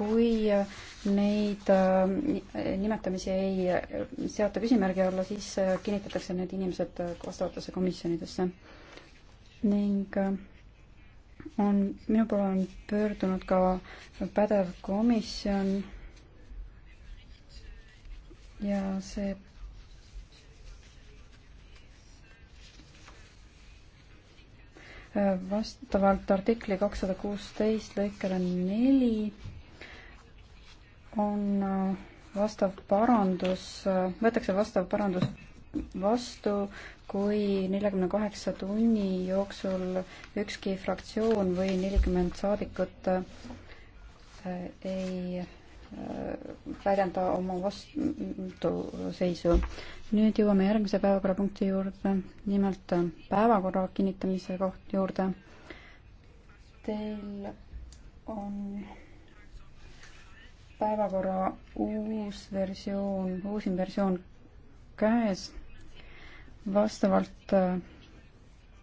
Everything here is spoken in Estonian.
kui neid äh, nimetamisi ei seata küsimärgi alla, siis äh, kinnitatakse need inimesed äh, vastavatesse komisjonidesse. ning on, minu poole on pöördunud ka pädev komisjon ja see vastavalt artikli kakssada kuusteist lõikele neli on äh, vastav parandus, äh, võetakse vastav parandus vastu, kui neljakümne kaheksa tunni jooksul ükski fraktsioon või nelikümmend saadikut äh, ei väljenda oma vastuseisu. nüüd jõuame järgmise päevakorrapunkti juurde, nimelt päevakorra kinnitamise koht juurde. Teil on päevakorra uus versioon, uusim versioon käes vastavalt äh,